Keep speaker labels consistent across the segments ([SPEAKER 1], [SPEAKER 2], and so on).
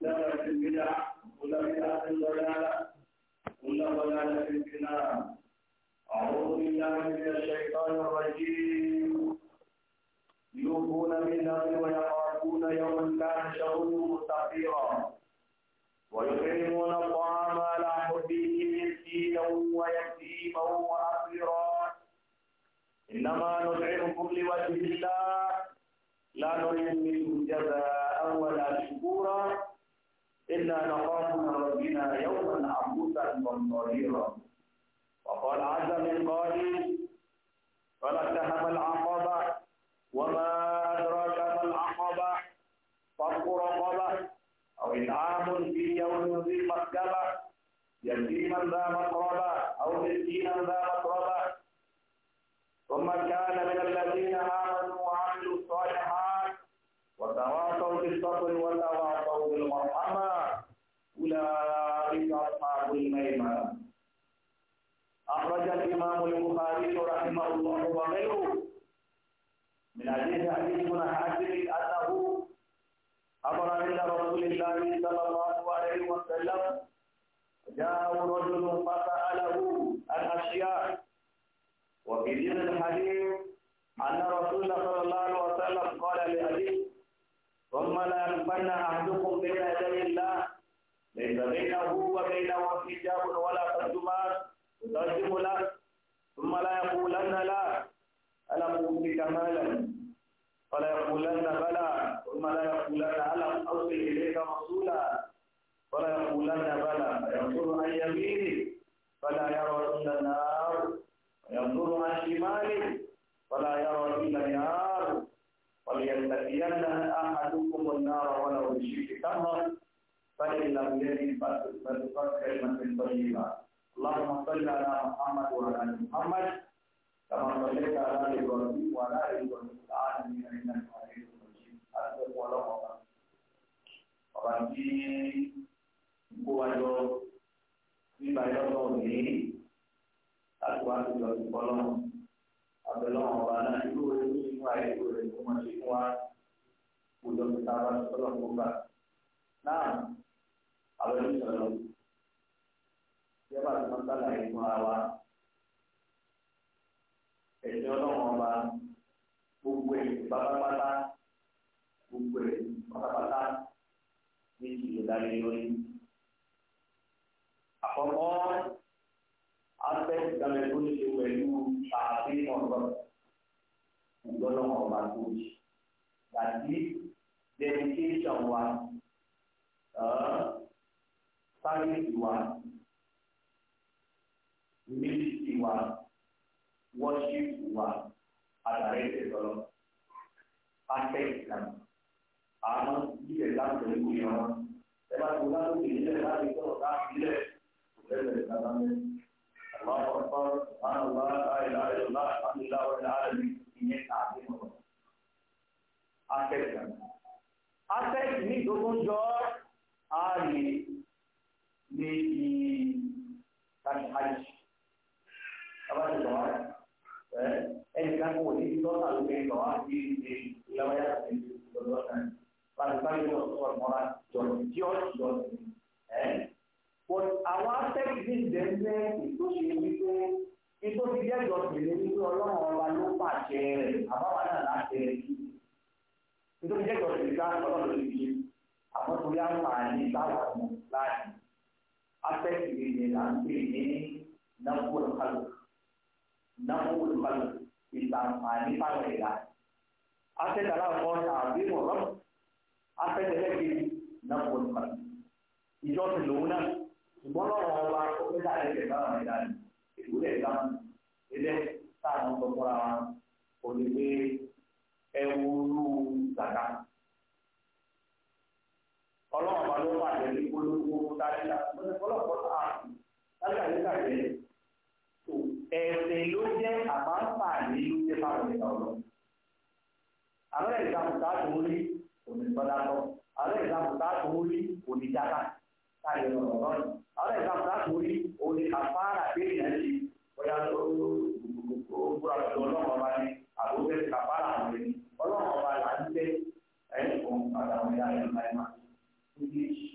[SPEAKER 1] لا البدع كل بدعة ضلالة كل ضلالة في النار أعوذ بالله من الشيطان الرجيم يوفون بالنذر ويخافون يوما كان شره مستطيرا
[SPEAKER 2] ويطعمون الطعام
[SPEAKER 1] على حبه مسكينا ويتيما وأسيرا إنما نطعمكم لوجه الله لا نريد منكم جزاء ولا شكورا إلا نخاف من ربنا يوما عبوسا قمطريرا وقال عز من قائل تهم العقبة وما أدراك ما العقبة فرق رقبة أو إنعام في يوم ذي مسكبة يتيما ذا مقربة أو مسكينا ذا مقربة ثم كان من الذين آمنوا وعملوا الصالحات وتواصوا بالصبر الحديث حديث بن حاتم أنه أمر عند رسول الله صلى الله عليه وسلم جاء رجل فسأله عن أشياء وفي ذكر الحديث أن رسول الله صلى الله عليه وسلم قال لأبيه ثم لا يقبلن أحدكم بين يدي الله ليس بينه وبينه حجاب ولا ترجمان ترجم له ثم لا يقولن لا ألم أوتيك مالا فلا يقولن بلى ثم لا يقولن ألم أوصي إليك رسولا فلا يقولن بلى فينظر عن يمينه فلا يرى إلا النار وينظر عن شماله فلا يرى إلا النار وليتقين أحدكم النار ولو بشيء تمر فإن لم يجد فلتصدق كلمة طيبة اللهم صل على محمد وعلى آل محمد كما صليت على إبراهيم وعلى آل إبراهيم àǹfààní tí kó wa lọ nígbà yọ̀ọ̀tọ̀ òní láti wá sí ìjọ ìkọ́ lọ́wọ́ àbẹ̀lọ́ ọba náà irú rẹ̀ ní inú àìkú rẹ̀ tó máa ṣe fún wa kò jọ sí táwa sọ́lọ̀ tó gbà. náà àwọn ẹni sọ̀rọ̀ yẹ́bà tó máa sálàyé fún wa ẹ̀sìn ọlọ́run ọba gbogbo ẹ̀ pátápátá gbogbo ẹ̀ pátápátá méjì ló dálé lórí. Àkọ́kọ́ aspect ìdáná tó ṣe pẹ̀lú ṣàfi ọ̀rọ̀ ìgbọ́nà ọ̀bà tó ṣe. Dàbí dedication wa, sáyẹ́ǹsì wa, mílíìsì wa, wọ́ṣíìpù wa, àdàrẹ́ ìṣẹ̀lọ́. Aspect ìdáná àmọ́ ilẹ̀ láti ẹ̀ kò yọ wọn. ẹ bá tó bá lókè nílẹ̀ láti tọ̀rọ̀ láti ilẹ̀ kò lẹ́lẹ̀ lára mẹ́. àwọn ọ̀pọ̀ àwọn ọ̀la àìlá ìlọ́lá àti ìlà ọ̀la àìlú ìyẹn tààbí mọ̀. akẹ́kọ̀ọ́ akẹ́kọ̀ọ́ ní ìdógún jọ ààyè ní ti tàbí ẹnì kan kò ní lọ́sà ló fẹ́ lọ́wọ́ àti ìlàwọ́ yàtọ̀ ní ìlú lọ́sà ní. Barangkali kalau orang orang jual jual jual. Eh, pun awal tek di dende itu sih itu itu dia jual beli itu orang orang lupa cek apa mana nanti itu dia jual beli kan orang beli apa kuliah lain salah lain aspek ini nanti ini nafsul khalq nafsul khalq kita mani pada aspek dalam kota abimurab afẹ́tẹ̀lẹ́gbẹ̀ náà wọ́n ti pàdé ìjọ ti lòun náà ṣùgbọ́n lọ́wọ́ ọba ó fẹ́ dá ẹgbẹ̀ báwọn ẹ̀dá ni èdè ó lẹ̀ dá ẹlẹ́ táwọn sọ fúnra wa kò ní pé ẹ wúlú zàkà ọlọ́run ọba ló pàdé ní gbólógbó dáríkà lọ́sẹ̀ fọlọ́pọ̀ sáàtì dáríkà ló kàjẹ́ tó ẹ̀sẹ̀ ló jẹ́ àbáfà ní ló jẹ́ fáwọn ẹ̀dá ọlọ́run àbẹ́rẹ́ ìgbà onísọdátọ àwọn ẹ̀sàmù táàtò orí onídàkà táyé ọ̀rọ̀ lọ́nà àwọn ẹ̀sàmù táàtò orí oní àfárà kéèyàn ṣe bóyá ó búra pẹ̀lú ọlọ́run ọba ní àbúfẹ́ àfárà àwọn ẹni ọlọ́run ọba là ń tẹ́ ẹ̀yìn kan àtàwọn ẹ̀yà ẹ̀yà ẹ̀yà ẹ̀yà méjèèjì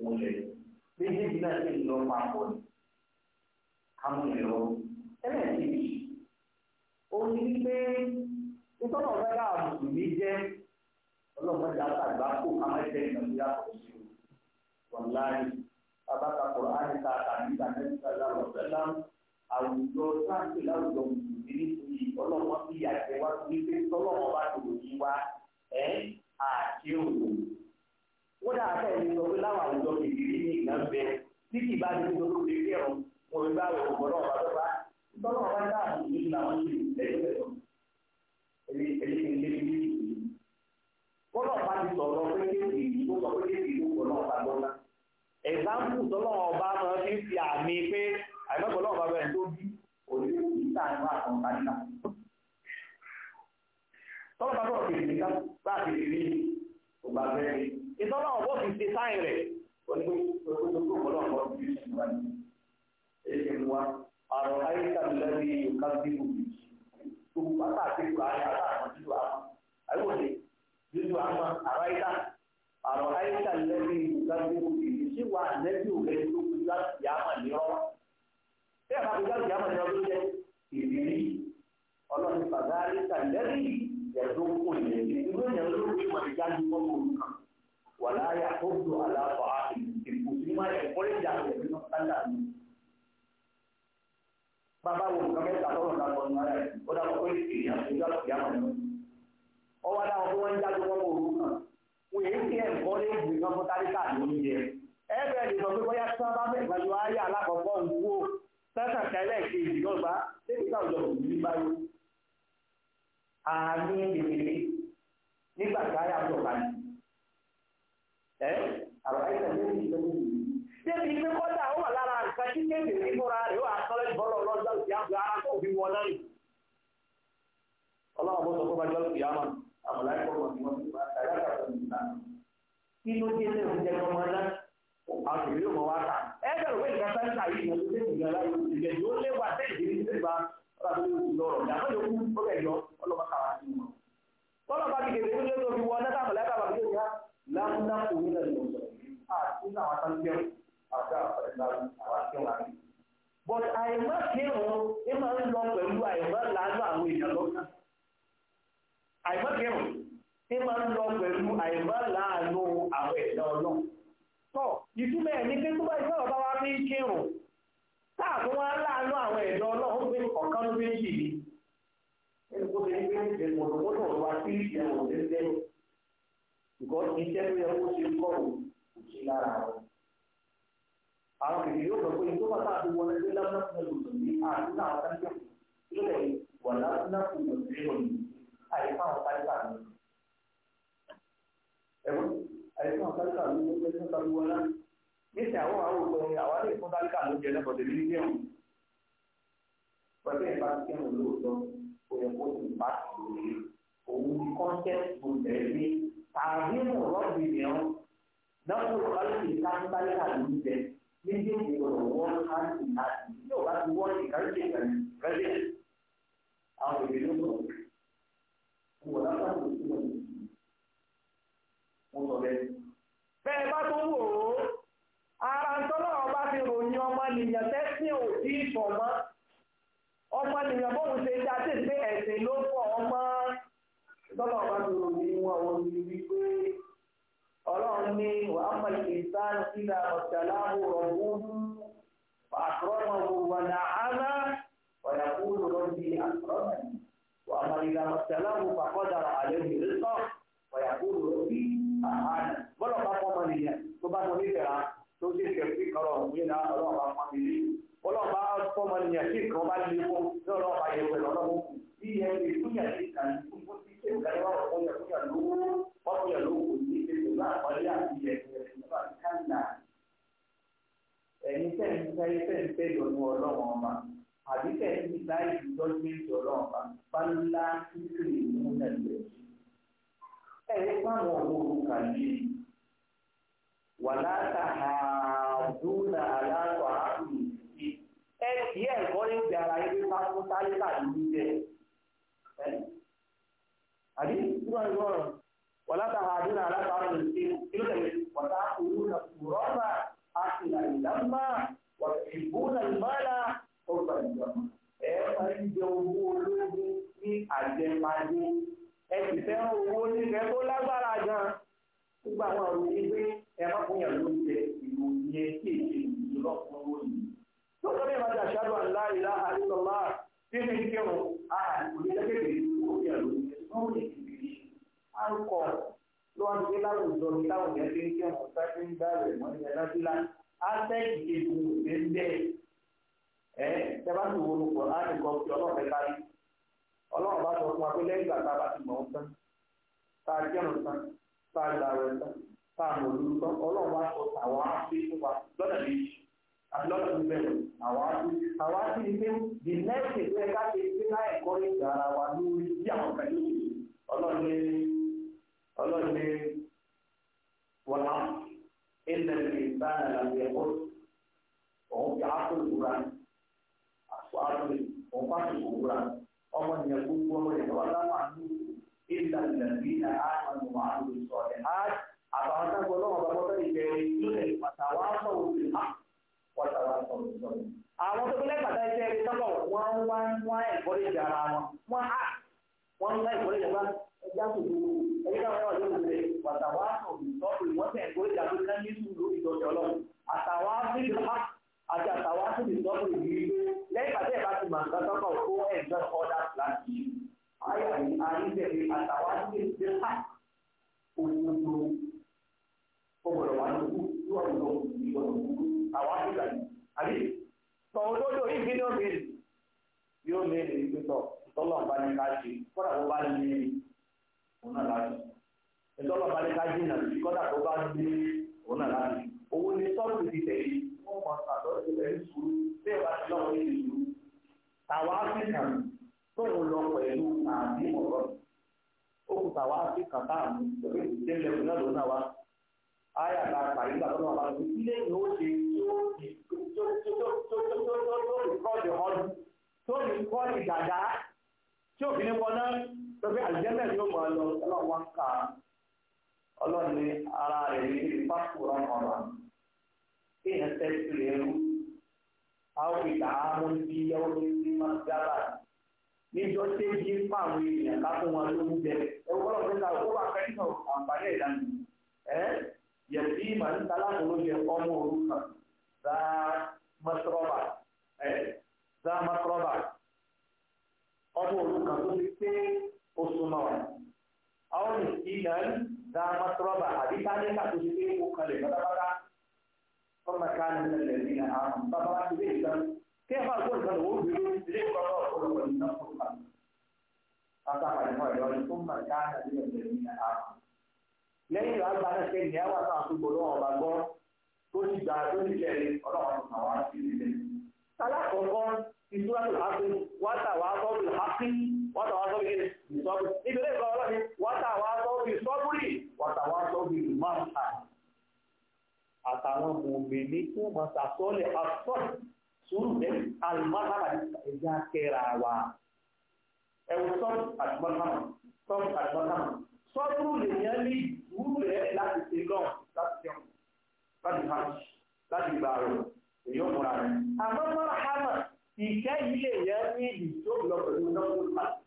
[SPEAKER 1] òun lẹ̀ méjèèjì náà ṣe ń lọ papọ̀ ní amúnilọ ẹlẹ́ẹ̀kejì ó ní pé nítorí ọ̀gá ọlọ́run ti àtàgbà kó amẹ́tẹ́ ìnàbíyà kò sí o wàláyé abáta kọ̀ọ̀ àyíká àtàgbà nígbà lọ́sẹ̀lá àwùjọ sáńtì láwùjọ mùsùlùmí nítorí ọlọ́run ti yàgbẹ́ wá sí pé tọ́lọ́run bá tòrò yí wá ẹ́ àti òwò. wọ́n dà bẹ́ẹ̀ ni sọ pé láwọn àwùjọ kékeré ní ìgbà ń bẹ títí ìbáraẹni tó ló lè fẹ́ràn wọn gbá òògùn náà wà lọ́ba ní ti àmì pé àìmọ́gbọ̀n lọ́wọ́ bàbá ẹ̀ tó bí òní ìta ìwà àkànta níta tọ́lọ́ bá bọ̀ kìrì níta bá kìrì rí kò bá fẹ́ rí ìtọ́lọ́ ọ̀bọ̀ fi ṣe sáyìn rẹ̀ Àrọ̀ àìsàn lẹ́rí ìkàdé ìbùdó. Gbogbo pátá àti ìgbà ayé àtàwọn ìlú àwọn. Àìwòye, nínú àwọn àráyíká, àrọ̀ àìsàn lẹ́rí ìkàdé ìbùdó. Ṣé lẹ́bí òkè tó láti yàmà ní ọ bí ẹ bá fi láti yàmà ní ọ ló jẹ ìrírí ọlọ́run fàgárí tàlẹ́rì ẹ̀dùn kò ní ìlú èèyàn ló fi mọ̀ ní jáde fọ́ọ̀mù kan wà láyà tó dùn àlàáfà ìkù sí máa yẹ kọ́lé ìjà rẹ̀ nínú sáńdà mi. bàbá wo nǹkan mẹ́ta lọ́rọ̀ náà lọ́nà ara ẹ̀ ó dábọ̀ pé èèyàn fi láti yàmà ní ọ ọwọ́ dáwọn pé wọ́n ń jáde fọ́ọ̀mù kan wọ́n èyí ti ẹ̀ kọ́lé ìgbìmọ̀ ẹ̀rẹ̀ lè sọ pé bóyá tí wọ́n bá bẹ̀rẹ̀ pẹ̀lú ayé alákọ̀ọ́kọ́ ń wó sẹ́sàn kẹlẹ́ kejì lọ́gbà débi ká òjò kò ní báyìí àánú kékeré nígbà tí ayé àti ọ̀gá yìí ẹ̀ àbáyé tẹ̀lé ní ìṣẹ́jú yìí. débi pé kọ́dà ó wà lára nǹkan tí kékeré múra rẹ̀ ó àtọ́lẹ̀ bọ́lọ̀ lọ́jọ́ ìyá àgbà tó fi wọ náà ọlọ́run bó sọ kí ló dé lẹ́nu jẹ́ kọ́mọ náà àtòlè yóò mọ̀ wá ta ẹgbẹ́ rẹ̀ wẹ́ẹ̀dì kata ń ta yìí ìyẹn tó tẹ̀sí ìyẹn láyé ìgbẹ́ yóò léwà tẹ̀sí ní ìgbà ọlọ́ba tó ti lọ́rọ̀ ní àbẹ́yẹ kú ọbẹ̀ yọ ọlọ́ba kàwá sí wọn. ọlọ́ba ti kéde kúlẹ̀ tó fi wọ ọ̀nà táwọn ọ̀lẹ́ta àbàbí yóò yá lámúnáfò nílẹ̀ lọ́sọ̀rọ̀ àti náà wọn ní kírun táàbù wọn láàánú àwọn ẹ̀dọ́ ọlọ́run pé ọ̀kan ló fẹ́ jì ẹnìkó ṣe ní pé ìṣẹ̀lẹ̀ ọ̀dọ́gbọ́dọ̀ wá sí ìṣẹ̀lẹ̀ ọ̀dẹ́gbẹ́ ìkọ́ iṣẹ́ tó yẹ kó ṣe kọ́ kò sí lára rẹ̀ àwọn kìkì yóò sọ pé ìjọ bàtà àti wọlé tó lábẹ́ fún ní àdúrà àwọn táyà wà lábẹ́ fún ẹlòmíràn ní àyíká àwọn táyà ní. ẹ̀rọ àyíká àwọn ní ó níṣẹ́ àwọn àwọn òkùnrin àwọn àti ìfún tálíkà ló jẹ lẹ́kọ̀ọ́ tẹ̀lé nílé ọ̀hún. pẹ̀lú ìbá tí mo lóòótọ́ kò yẹ kó tún bá tì lórí òun ní kọ́ńtẹ́ẹ̀tì tẹ̀lé tàbí mo rọ́ọ̀bì mìíràn náà kó kálíkì tálíkà ló ń jẹ méjèèjì ọ̀rọ̀ wọ́n kálíkì láti yóò bá ti wọ́n ìkálíkì rẹ̀ àwọn ìbílẹ̀ mo fi ròyìn ọmọ nìyàn tẹ́sìn ò tí ì pọ̀ mọ́ ọmọ nìyàn bóun ṣe dá sí pé ẹ̀sìn ló pọ̀ ọmọ tọ́lọ̀ bá ti ròyìn wọn wọn ni wípé ọlọ́run ní wàhálà ìsán sílẹ̀ ọ̀sẹ̀láwò ọ̀gbọ́n àkọ́rọ́mọ̀ wà láhánà ọ̀yàkúrò rọ́bì àkọ́rọ́mọ̀ wàhálà ìsàlọ́wò pàkọ́dà àlẹ́ ìrẹ́sọ̀ ọ̀yàkúrò rọ́bì àhánà bọ́lọ̀ bá fọmọ nìyàn tó bá sọ nífẹ̀ẹ́ tó sì kẹ̀kí kọ̀rọ̀ nínú ọlọ́ọ̀bá pàmìlì ọlọ́ọ̀bá fọmọ nìyẹn tí kan bá lè fún ní ọlọ́ọ̀bá yẹn pẹ̀lú ọlọ́wọ́ bí ẹ lè fúnyà sí ìkànnì fún fún sí ṣe ìdájọ́ wà fún yà fúnyà lówó wọ́n fúnyà lówó kò ní ṣe pẹ̀lú àpọ́nlé àti ẹ̀sìn ẹ̀sìn nípa kánà ẹ̀yin tẹ̀ ń fẹ́ tẹ̀ ń fẹ́ ìdọ̀nù ọlọ́wọ́n ọba àbí tẹ̀ ń fi láì fi dọ́jú ètò ọlọ́wọ́n ọba bá ńlá kíkiri ìmúlẹ̀ lẹ̀ ẹ̀yin fáwọn ọmọ òrukàn yìí wàlá tàhàdúnà aláàtọ̀ ààrùn ẹ kì í ẹ̀kọ́ ní ìgbà ara yẹn bá fún tálíkà ní jíjẹ àbí nígbà tí wọ́n wàlá tàhàdúnà aláàtọ̀ ààrùn ṣe kí ló tẹ̀lé wàtá òru na kùrọ́bà àtìlà ìdámbà wàtìbúnà ìmọ̀lá ọgbà ìjọba owó ní àjẹmáyé lágbára gan-an gbogbo àwọn àròyìn ẹgbẹ́ ẹ̀rọ fún yàrá ló ń jẹ ìròyìn kéèké ìjọba fún owó yìí. tó sọ bẹ́ẹ̀ máa dà ṣáájú àlá ìlà àdìsọ́lá bí mi kírun àkàlùkùnrin lẹ́gbẹ̀ẹ́ Atẹ́kì kejì ń gbé ń bẹ́ẹ̀. Ẹ tẹ́bá ti wo lùpọ̀ láti kọ́ fi ọlọ́ọ̀fẹ́ kárí. Ọlọ́run bá sọ fún wa pé lẹ́yìn ìgbà ti mọ̀ ọ́n tán. Tá a jẹ́rùn tán tá a gbà rẹ̀ tán tá a mọ̀ lórí tán ọlọ́run wá sọ tàwa sí fún wa lọ́nà méjì àti lọ́nà tó bẹ̀rẹ̀ àwa sí àwa sí ni pé the next day tó yẹ ká ṣe pé ká ẹ̀kọ́ ìgbà ara wa lórí bí àwọn kan yóò ṣe ọlọ́run ní ọlọ́run ní wọ́n á ilẹ̀ ìbára làbẹ̀ ẹ̀kọ́ òun kì á tó ìwúra àtúwárò òun pàṣẹ ìwúra ọmọ nìyẹn gbogbo ọmọ ìyẹn wà láwọn àdúgbò. إلا الذين آمنوا وعملوا الصالحات أبعثنا قولهم أبعثنا إليه وتواصوا بالحق وتواصوا بالصبر àwọn tó kílẹ̀ pàtà iṣẹ́ ẹni tọ́lọ̀ wọ́n wá ń wá ẹ̀kọ́rí ìjà ara wọn wọ́n á wọ́n ń wá ẹ̀kọ́rí ìjà ẹja tó dúró ẹni káwọn ẹwà yóò lè pàtàwá sọ̀rọ̀ ìtọ́pù ọ̀sà wa sí kàtà àmì lórí ìdílé lẹ́kùn náà lónà wa àyà ta àpàyè nígbà tó náà wà lórí ilé ni ó ṣe tó rìkọ́ọ̀dì ọdún tó rìkọ́ọ̀dì dàdá tí òfin ní wọná lórí àlùjẹ́bẹ̀ ni ó mọ̀ ọ́ lọ ọlọ́wọ́ ń kà á ọlọ́run ní ara rẹ̀ ní ìpapò ọ̀rọ̀ kí èèyàn tẹ́sí rẹ̀ rú àwọn ìdààmú ní yẹ́wọ́ ní sí máa dára níjọ́ téèjì ń pa àwọn èèyàn ká fún wọn lóúnjẹ ẹwọ́n bọ́lá ọ̀sẹ̀ ta ó wà kẹ́kìtàn àǹfààní ìdánù ẹ́ yẹ̀sí màá ń ta lákòóyè ọmọ òrukàn za mọ́tírọ́bà ẹ̀ za mọ́tírọ́bà ọmọ òrukàn tó ti pé oṣù náà àwọn ìsìnà za mọ́tírọ́bà àbí táníkà tó ti pé ó kalẹ̀ pátápátá ọmọ kan ní ẹlẹ́rìí àwọn bàbá wa ti lè gbà kí ẹ máa gbọ́ ìgbà lọ́wọ́ gbé فصح الفرج ثم كان من الذين آمنوا
[SPEAKER 2] lẹ́yìn lágbá náà ṣe ìyá wà
[SPEAKER 1] náà túbọ̀ lọ́wọ́ ọba gbọ́ tó ti gbà tó ti jẹ́ ọlọ́run àwọn àti ìrìnlẹ̀. alákọ̀ọ́kọ́ ìtura tó hápé wátà wá sọ́ọ̀bù hápé wátà wá sọ́ọ̀bù ìsọ́ọ̀bù nítorí ìgbà ọlọ́run wátà wá sọ́ọ̀bù ìsọ́ọ̀bùrì ẹ̀wù sọ́ọ̀tù àti bọ́tàmù sọ́ọ̀tù àti bọ́tàmù sọ́ọ̀tù lèèyàn lè wúlẹ̀ láti ṣe lọ́n láti ṣẹ́wọ̀n láti hajj láti gbà rẹ̀ èyí ò múra rẹ̀. àmọ́ mọ́ra hàmà ìkẹ́ yìí lèèyàn ní ìdìtò lọ́pẹ̀lú lọ́pẹ̀lú pàtó.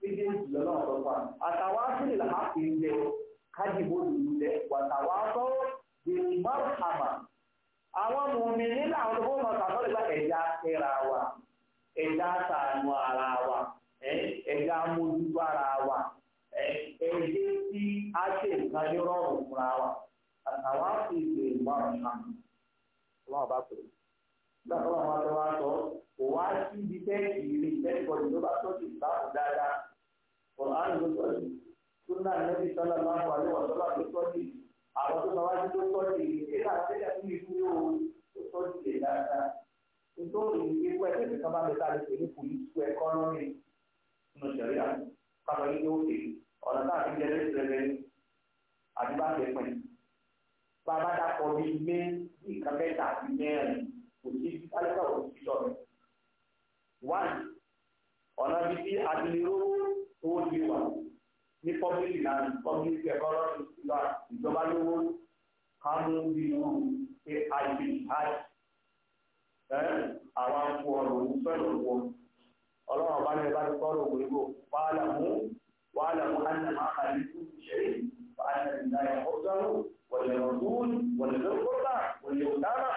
[SPEAKER 1] méjèèjì lọ́nà ọ̀tọ̀ọ̀tọ̀ àtàwọn aṣèlè làásì ń jẹ kájìbó lùlù lẹ wàtàwọn aṣọ bèrè mọ́ra hàmà àwọn mùmí nílà àwọn ọmọ ẹja àtàánú ara wa ẹja ara wa ẹjẹ tí a ṣe nǹkan ní rọrùn fúnra wa àtàwọn àti ìgbè ìmọ̀ràn náà ọlọ́run bá pè é nígbà tó wọn tó wá sọ kò wá sí ibi tẹ́ẹ̀kì rí tẹ́ẹ̀kọ̀dì tó bá ahụ dáadáa tọ́jú tó máa ń wà tó bá tó tọ́jú àwọn tó wájú nítorí irú ẹgbẹ́ tí kan bá mẹ́ta lè pè ní pòlísù ẹkọ́nọ́mì nínú sẹ̀ríà kábọ̀ yìí ó dé ọ̀nà táà fi jẹ́rẹ́ ìrẹ́lẹ̀ àti bá fẹ́ pẹ̀. bàbá dàpọ̀ bí mé bí nǹkan mẹ́ta àti mẹ́rin kò sí kálíkà òkú sísọ rẹ̀. one ọ̀nà bí tí abilérò owó ti wà ní pọ́bílì náà pọ́bílì ẹkọ́nọ́mì ìjọba lówó ká mú bí irú pé àìsí àìsí àwọn akọ ọ̀rọ̀ òun fẹ́ràn wọ ọlọ́run ọba ní ẹ̀ka ti kọ́ ọ̀rọ̀ òun ìbò wàhálà mú wàhálà mú ànàmá àlìkú ṣe wàhálà ìdáyà ọ̀gbọ́n wọ̀lẹ̀ ọ̀dún wọ̀lẹ̀ lọ́kọ́tà wọ̀lẹ̀ ọ̀dára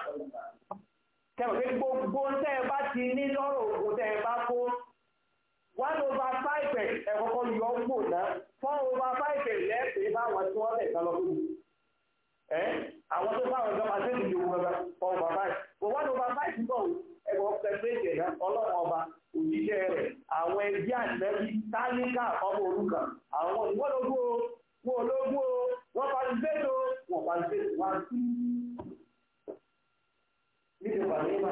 [SPEAKER 1] kẹwàá pé gbogbo bá ti ní lọ́rọ̀ òkú tẹ́ bá kó one over five ẹ kọ́kọ́ yọ ń gbò náà four over five lẹ́ẹ̀pẹ́ báwọn tí wọ́n lẹ̀ kan lọ fún
[SPEAKER 2] àwọn tó báwọn ìjọba sí ìlú yorùbá four over five. kò wọ́n ló bá
[SPEAKER 1] báyìí bọ̀ ọba òjíṣẹ́ rẹ̀ àwọn ẹbí àtẹ́bí táníkà ọmọ olùkà àwọn ìwọ́n o wọn ológún o wọ́n parí gbẹ́tò wọ́n parí gbẹ́tò wá sí níbi pàmímà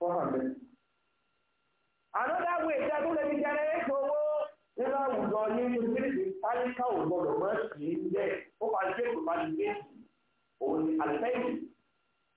[SPEAKER 1] wọ́n hàn bẹ́ẹ̀. wo owó nínú àwùjọ ní táníkà ò gbọdọ̀ mọ́ sí bẹ́ẹ̀ ó gbẹ́tò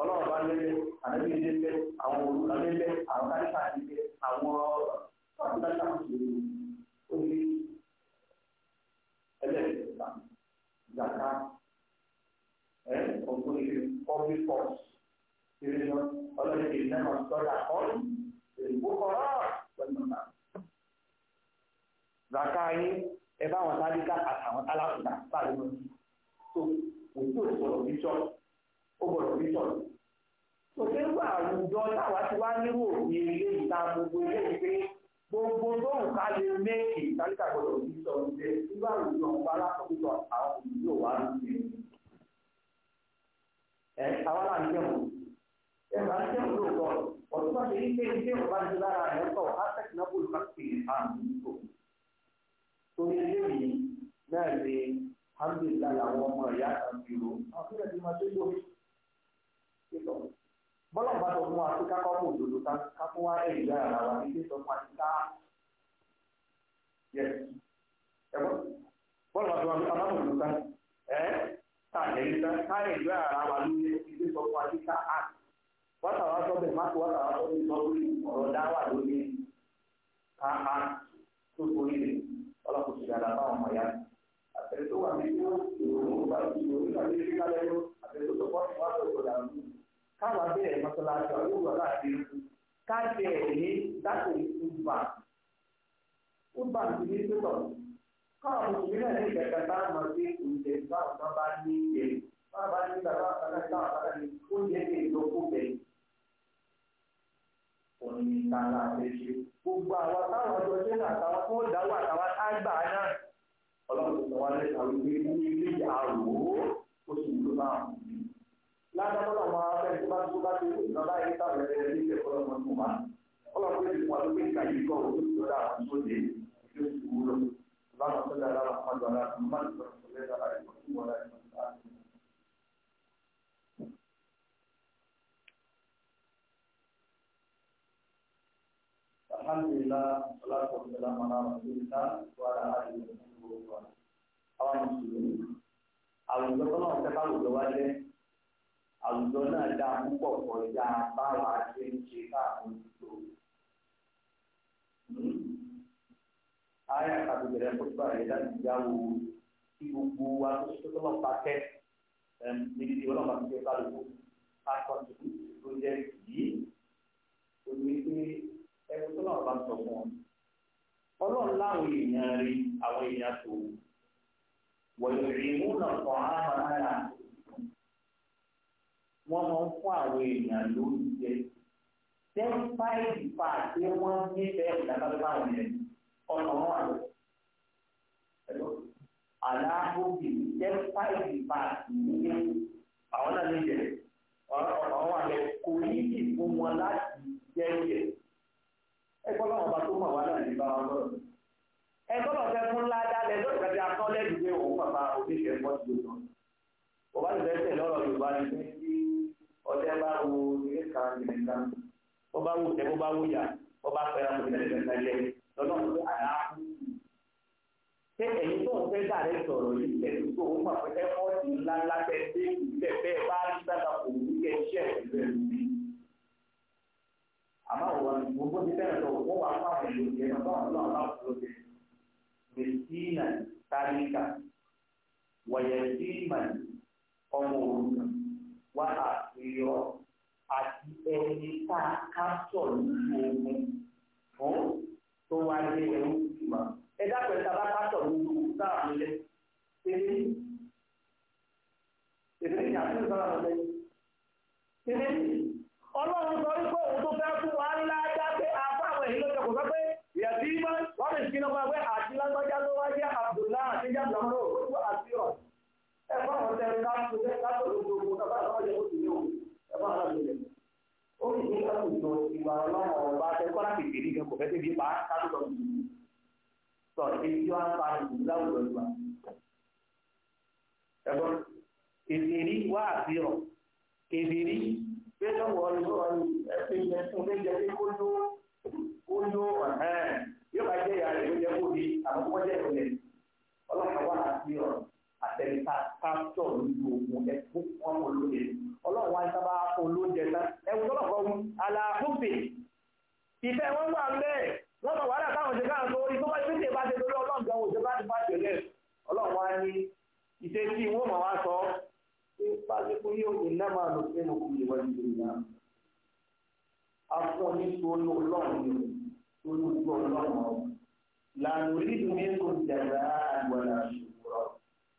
[SPEAKER 1] ọlọ́run bá lélẹ̀ àdébí lélẹ̀ àwọn olùkọ́ lélẹ̀ àwọn káríkà lélẹ̀ àwọn pàtàkì àti orí ẹlẹ́ẹ̀kẹta zaka ẹ ọ̀gbọ́n ilé public force ìrìnà ọlọ́run kì í nẹ́mọ̀ sọ́dà ọ̀rùn èyíkó kọ́rọ́ pẹ̀lú ọ̀nà. zaka yín ẹ bá wọn sáríkà àtàwọn tálákùnà bá lóun tó òun tó sọ̀rọ̀ ní ṣọ́ọ̀ṣì ó gbọ́dọ̀ fi sọ̀rọ̀. òṣèlú àwùjọ táwa ti wá nírò ní ilé ìta gbogbo ilé ìgbé gbogbo tó ń ká lè méèkì ìtàlíkà gbọ́dọ̀ fi sọ̀rọ̀ jẹ́ nígbà àwùjọ ọ̀pá alákòóso àwọn òbí wà lóde. ẹ àwa là ń jẹun ẹ máa ń jẹun lóòótọ́ ọ̀tún bá ṣe ní pé ilé ìwà ti lára ẹ̀ sọ aspect náà bó lùkà sí àmì ìgbò. torí ilé yìí náà lè alhamdulilayi àwọn ọmọ ìyá kan fi ro àwọn fúnra ti máa tó gbòmí sílọ bọ́lá bá sọ fún wa pé kákọ́ kò lòlò ká fún wa ẹ̀yìn lára ara wa ní sọ fún wa ti ká yẹ ẹ̀bọ́n bọ́lá bá sọ fún wa pé kákọ́ kò lòlò ká ẹ̀ ká ẹ̀yìn lára ká ẹ̀yìn lára ara wa ní ilé sọ fún wa ti ká á wọ́tà wá sọ bẹ́ẹ̀ má kó wọ́tà wá sọ bẹ́ẹ̀ sọ lórí ọ̀rọ̀ dá wà lórí ká á tó torí rẹ̀ ọlọ́kùnrin ìyára báwọn ọmọ yá àtẹ̀tọ́ wà nínú ìròyìn ìgbà ìròyìn àti ìrìnàlẹ́nu àtẹ̀tọ́ tó pọ̀ káwa bẹ̀rẹ̀ mọ́sálásí àwọn yóò wà láti rí ká bẹ̀rẹ̀ ní dákò ìtúbà ìtúbà ti ní pẹ́tọ̀ káwa mùsùlùmí náà ní ìgbàgbà bá mọ̀ sí oúnjẹ báwọn bá bá ní ìjẹ bá bá ní bàbá àtàlà bá àtàlà ní oúnjẹ ní ìlọ́kọ̀ bẹ̀ òní ìtàlà àtẹ̀ṣe gbogbo àwọn táwọn ọjọ́ ṣe ń àtàwọn fún ìdáwọ́ àtàwọn sọ wá lẹ́sàn wípé ní ilé àrò ó sì wúlò báwọn ládàbọ̀lọ̀ ọmọ afẹ́ni tó bá tó bá tó kù náà báyìí táwọn ẹ̀rẹ́ ní ìṣẹ̀ fọlọ́ ọmọ tó máa ọlọ́run tó ti fún wa ló gbé ìka yìí kọ́ òun tó dá àwọn tó dé ìdí oṣù wúlò lọ́nà tó dára wọn pàdé ọ̀la Alhamdulillah, àwùjọ náà dá púpọ̀ kọjá báwa ṣe ń ṣe káàmójútó. Hmm? ayé àkàtúntẹ̀rẹ̀ fúnpá rẹ̀ láti jáwó tí gbogbo wa tó ṣe tó lọ́ọ́ pàtẹ́ níbi tí ọlọ́pàá ti fẹ́ kálukú pásítọ̀tì pírójẹ́tì yìí omi pé ẹ̀rù tó lọ́ọ́ bá sọ fún ọ. ọlọ́run láwọn èèyàn rí àwọn èèyàn tó wọ̀nyí rí mú náà kọ́ àwọn ará àti wọ́n máa ń fún àwọn èèyàn lóúnjẹ despite pàṣẹ wọ́n ní bẹ́ẹ̀ ìdábàbà rẹ̀ ọ̀nà wọn àlọ́ aláàbòbí despite pàṣẹ nílé àwọn náà lè jẹ ọ̀nà wọn àlọ́ kò ní kí fún wọn láti jẹ́ jẹ ẹgbẹ́ náà wọn bá tó mọ̀ wá náà nípa wọn lọ́rọ̀ ẹgbẹ́ náà fẹ́ fún ládàá lẹ́dọ̀ ìgbàgbé akọ́lẹ́dùgbé òun bàbá oníṣẹ́ mọ́tò lọ́nà ọba lè fẹ́ tẹ̀lé ọ̀rọ̀ Yorùbá ni pé ọdẹ bá wo ilé kan ìrẹ kan bó bá wù tẹ bó bá wù yà bó bá fẹ́ràn kò tẹ̀lé tẹ̀lé tẹ̀lé lọ́nà tó àyà á kú. ṣé ẹ̀yin tó ń fẹ́ dàrẹ́ sọ̀rọ̀ yìí tẹ̀lé tó ń fà pé ẹ̀fọ́ ti ńlá ńlá tẹ̀ dé ìbílẹ̀ bẹ́ẹ̀ bá rí sábà kò ní kẹ́ iṣẹ́ ìbílẹ̀ lórí. àmọ́ àwọn gbogbo ti fẹ́ràn sọ̀rọ̀ wọ́n wà fún àwọn èèyàn yẹn lọ́wọ́ lọ́wọ́ lọ́wọ́ mẹsìnà tálíkà wọ̀yẹ̀sìmà ọmọ òrukàn wá àpéyọ àti ẹni tá a ká sọ nínú ogun fún tó wá lé ẹrú ìmọ̀. ẹ dákun ẹ sábà ká sọ nínú ogun sáà mi lẹ. tèmi tèmi ní àti ìsọ̀rọ̀ àwọn ọmọ yìí. tèmi ọlọ́run sọ wípé òun tó fẹ́ fún wa ńlá dá pé afọ àwọn èyí ló jẹkọ̀ọ́ sọ pé ìyàtí wọ́n fi iná pa pé àti lágbájá ló wá jẹ́ àbùdá àti jáde lọ́mọdé òkú àti ọ̀hún ẹ bá wọn tẹ ká tó tẹ ká tó lóko lóko ká bá wọn yẹ kó tìlé o ẹ bá wọn lọ lẹ ó sì ní ká tó tó ìwà ọlọ́run ọba tẹ kọ́lá kékeré ní kò fẹ́ tẹ̀lé pa ká tó lọ sí i tọ èyí wá ń pa ìlú láwùjọ ìwà ẹ̀gbọ́n kèfèrí wá àti rọ kèfèrí pé lọ́wọ́ ọlọ́wọ́ ẹ̀sìn yẹn fún mi jẹ́ pé kó ló kó ló yóò bá jẹ́ ìyá rẹ̀ ló jẹ́ kó di àbúkọ́ jẹ́ ìrọ̀lẹ́ ọlọ́pàá wá àti rọ àtẹnita kápítọ̀ lójú ogun ẹ̀kú wọn kò lóde ọlọ́run wáyé sábà fún olóúnjẹ tán ẹ̀wù tọ́lọ̀ kan wù àlàáfófè ìfẹ́ wọn wà bẹ́ẹ̀ wọ́n mọ̀ wàhálà táwọn ṣe káà sọ orí tó wáyé tètè bá ṣe lórí ọlọ́run gan òṣèlú bá ti bá ṣe lẹ̀ ọlọ́run wá ní ìṣe tí wọ́n mọ̀ wá sọ pé pàṣípò yóò ní náà máa lò pé mo kú ìwà ìṣèlú náà afọ́ ní torí ọlọ́run ni torí ojú ọlọ́run lànà orí ìdùnnú ètò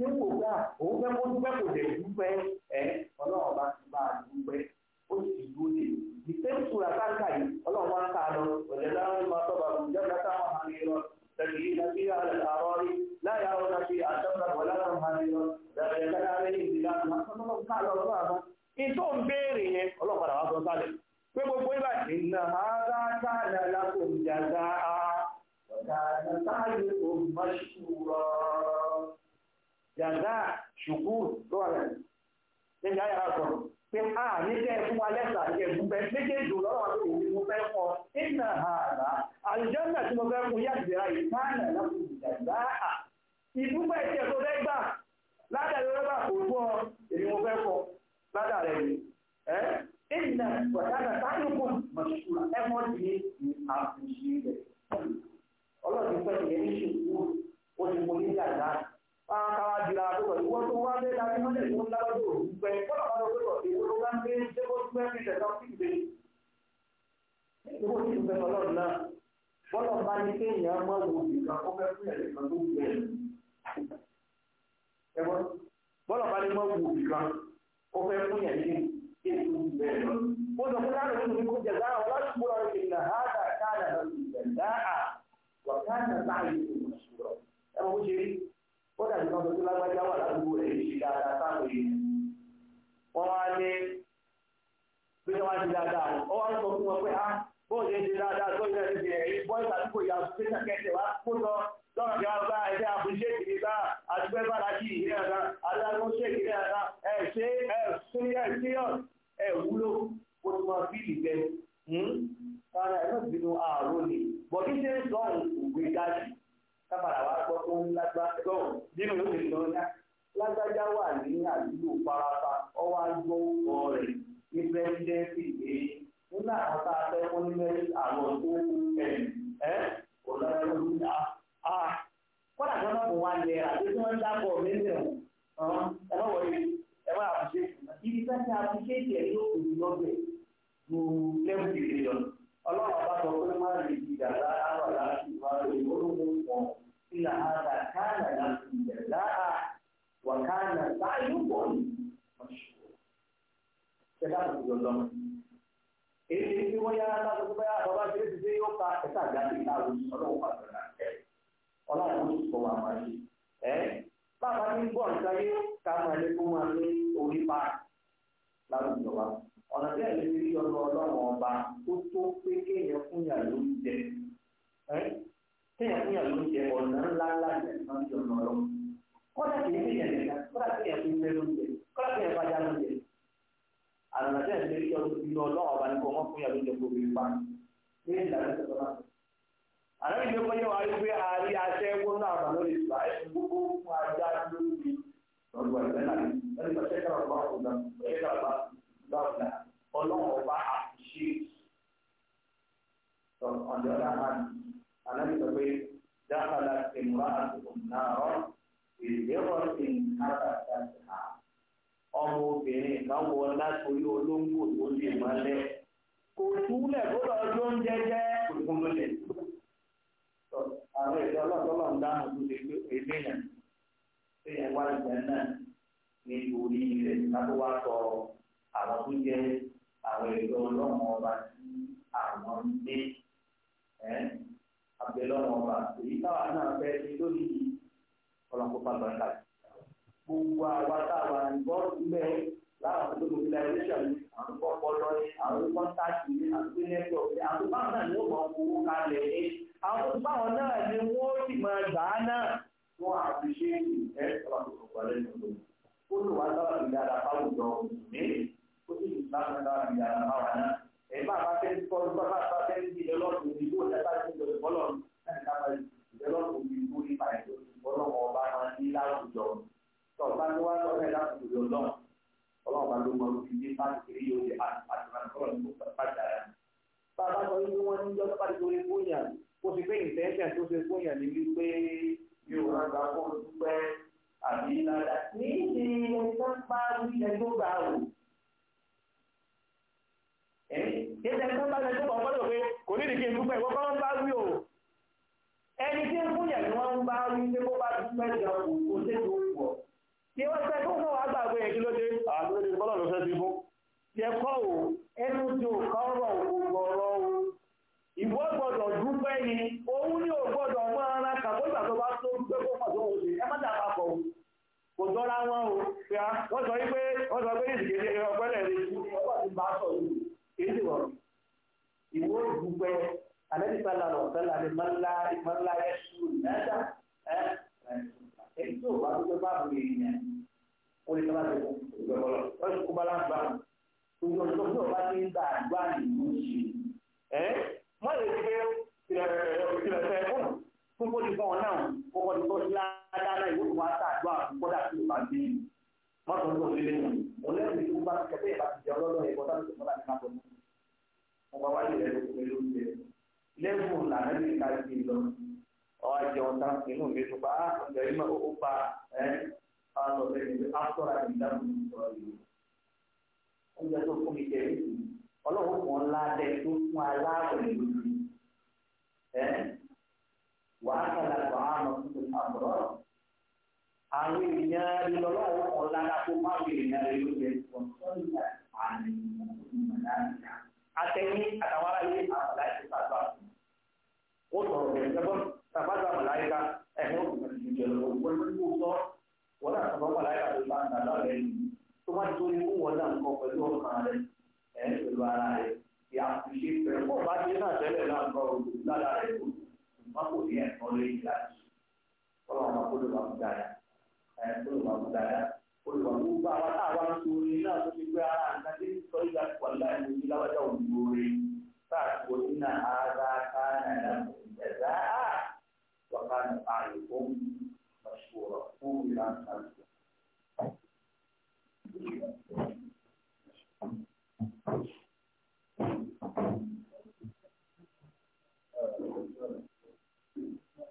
[SPEAKER 1] nípò gbà òun fẹ́ kó dúpẹ́ kò dẹ̀ dúpẹ́ ẹ̀ ọlọ́run bá ti láà ìdúpẹ́ ìṣẹ̀ tó fẹ́ gbà ládàrí rọ́bà kò fún ọ èmi mo fẹ́ fọ ládàrí mi ẹ́ ìnà pàtàkì sáyẹ̀kù mọ̀ṣúra ẹ̀mọ́ ti ní ní àbùsí rẹ̀ ọlọ́run fẹ́ ìyẹn ní ṣùkú ó ti mo ní dàda wọn ká wá jìlá àtúntò ìwọ tó wá dé láti mọ́lẹ̀ tó ń lábàjọ́ òun pẹ́ kọ́nà kan tó tọ̀ èwo ló bá ń gbé ṣé ó tún fẹ́ bọ́lọ̀ bá ní kéèyàn mọ́ wọn láti kúrò rẹ̀ kìnnà ha dà káàdà lọ sí ìgbà dáhà wà káàdà láàyè òṣèlú ṣùgbọ́n ẹ mọ̀ bó ṣe rí ó dàbí kan tó tó bó ṣe ṣe dáadáa tó yẹ ẹni bìrẹ̀ yìí bọ́ ìgbà tí kò yà sí kẹ̀kẹ́ wa kó lọ lọ́rọ̀ kí wọ́n bá ẹgbẹ́ àbúṣéèkì ní bá àdúgbò ẹgbẹ́ aláàjì yìí ẹ̀ka aláàmúṣéèkì ní ẹ̀ka ẹ̀ ṣe ẹ̀ síríà síríà ẹ̀ wúlò kó tó máa fi ìgbẹ́ sára hmm? ẹ̀ náà bínú ààrùn ni bọ̀dí ṣe ń sọ ògbé dájú kábàrà wa gbọ́ tó ń lágbájá wà ní àdúgbò parapa ọwọ́ agbó ọ̀rẹ́ nínú àwọn tá a fẹ́ wọ́n ní mẹ́rin àwọn tó ń ẹ̀ ẹ́ ọ̀lọ́rọ̀ ní a kọ́nà kan náà kò wá lẹ̀ àti tí wọ́n ń dábọ̀ mílíọ̀n ẹ má wọlé ẹ má àfiṣe ibi tá ti àfiṣe ìjẹ́ ní òkùnrin lọ́bẹ̀ ju lẹ́wù ìdílé lọ ọlọ́run bá sọ pé má lè di ìdàgbà àwọn aláṣẹ ìwà rẹ̀ olóhùn wọn ìlà àdà káàlà láti ìjẹ̀dá wà káàlà Ini tí wọ́n yára láti gbogbo yára bàbá ṣe é ti dé yóò ka ẹ̀ka ìjáde ìta àwọn ọlọ́wọ́ bá tẹ̀lé ẹ̀ ọlọ́wọ́ ló sọ wà máa ṣe ẹ̀ bàbá ní bọ̀ nǹkan yé ká máa lé kó máa ní orí pa punya wa ọ̀nà tí ẹ̀mí rí ọ̀nà ọlọ́wọ́ ọba tó tó pé kéèyàn fúnyà ni, ń jẹ kéèyàn fúnyà ló ń jẹ ọ̀nà ńlá ńlá ìjẹ̀ká àlànà tí ẹ̀sìn lórí ọdún ti lọ ọlọ́run ọba ní kò mọ́ fún yàrá ìjọba obìnrin pa ní ìlànà tó tọ́lá. àlọ́ ìjọ pé yóò wáyé pé àárí aṣẹ́ wọ́n náà bà lórí ìgbà ẹ̀sìn gbogbo fún ajá lórí ọ̀gbọ̀n ìgbẹ́ náà lórí ìgbàṣẹ́ kára ọ̀gbọ̀n ọ̀gbọ̀n ìgbẹ́ náà bá gbàgbà ọlọ́run ọba àṣìṣe ọ̀dọ̀ ọ̀dọ̀ àná ìjọ pé dáhàlá ìmúra àti òmìnira rọ̀ ìlérò ìhàlá ìhàlá ọmọ obìnrin kan wọ látorí olóńgbò tó lè mọ́lẹ̀ kò túlẹ̀ bọ́dọ̀ ọjọ́ ń jẹ́jẹ́ òkun lulẹ̀ àwọn ìjọ ọlọ́tọ́lọ́ ń dáhùn tó ṣe pé eléyàn eléyàn wá ìgbẹ́ náà nítorí rẹ̀ láti wá sọ àwọn tó jẹ́ àwọn ìjọ ọlọ́run ọba tí àwọn ń dé. bá rí ẹjọ́ gbà wò. Yẹ́sẹ̀ ẹni tó bá lẹ́jọ́ kan gbọ́dọ̀ pé kò ní ìdíkì ìdúpẹ́ ìwọ́n kọ́ bá rí o. Ẹni tí ń fún yẹn ni wọ́n ń bá rí pé kó bá dúpẹ́ ìjà kò kò sí ètò òkú ọ̀. Tí wọ́n fẹ́ tó fún wa gbà pé èyí ló dé àgbélé bọ́lọ̀ ló fẹ́ ti mú. Yẹ kọ́ o, ẹnu tí ò kọ́ rọ̀ ògbọ̀ o. Ìwọ mọ́ bá tó dúpẹ́ kó kò jọra wọn o pé a wọ́n sọ wípé wọ́n sọ pé ìsìnkè ní ẹgbẹ́ ọgbẹ́lẹ̀ rẹ̀ ìwọ́n ti bá sọ yìí èyí ti rọrùn ìwọ́n ìdúpẹ́ alẹ́bí sálà lọ sálà ní mọ́lá ìmọ̀lá ẹ̀ṣù náírà ẹ̀ èyí tó bá tó bá bù èèyàn ó lè sábà tó ìgbẹ́kọ̀lọ́ wọ́n ti kó balance bá gbogbo ọ̀dọ́ tó bá ti ń gbà àgbà nìyí ṣe ẹ̀ mọ́ máa bí mọ́tò ń lò nílé yìí mo lẹ́yìn ìlú bá kẹfẹ́ ìbá ti jẹ ọlọ́dọ̀ ẹ̀kọ́ tá lóṣù mọ́lá ní má bọ̀ mọ́ bá wáyé rẹ̀ lóṣù pẹ̀lú oúnjẹ lẹ́gùn làná lè ká ìgbé lọ ọ̀ọ́ jẹun tán inú mi tó bá ọ̀gá kó bá dé náà tẹ́lẹ̀ náà ń bọ̀ òkú lára rẹ̀ kù má kò ní máa máa mú ẹ̀ máa mú máa mú bá wa náà wá ń náà tó ti gbé ara nǹkan tí sọ ìgbà láì mú ní ara ká ẹ̀dá nù fún